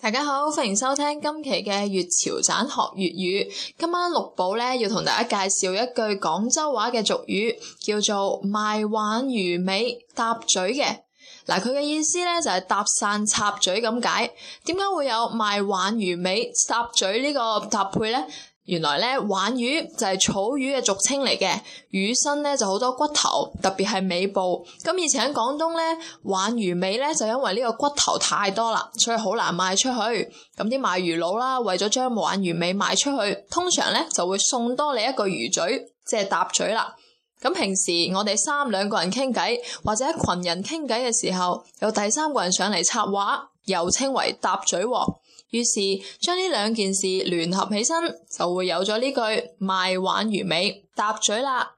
大家好，歡迎收聽今期嘅粵潮盞學粵語。今晚六寶呢，要同大家介紹一句廣州話嘅俗語，叫做賣鯇魚尾搭嘴嘅。嗱，佢嘅意思呢，就係、是、搭訕插嘴咁解。點解會有賣鯇魚尾搭嘴呢、這個搭配呢？原來咧，鯇魚就係草魚嘅俗稱嚟嘅，魚身咧就好多骨頭，特別係尾部。咁以前喺廣東咧，鯇魚尾咧就因為呢個骨頭太多啦，所以好難賣出去。咁啲賣魚佬啦，為咗將鯇魚尾賣出去，通常咧就會送多你一個魚嘴，即係搭嘴啦。咁平時我哋三兩個人傾偈，或者一群人傾偈嘅時候，有第三個人上嚟插話，又稱為搭嘴王。於是將呢兩件事聯合起身，就會有咗呢句賣鯇魚尾搭嘴啦。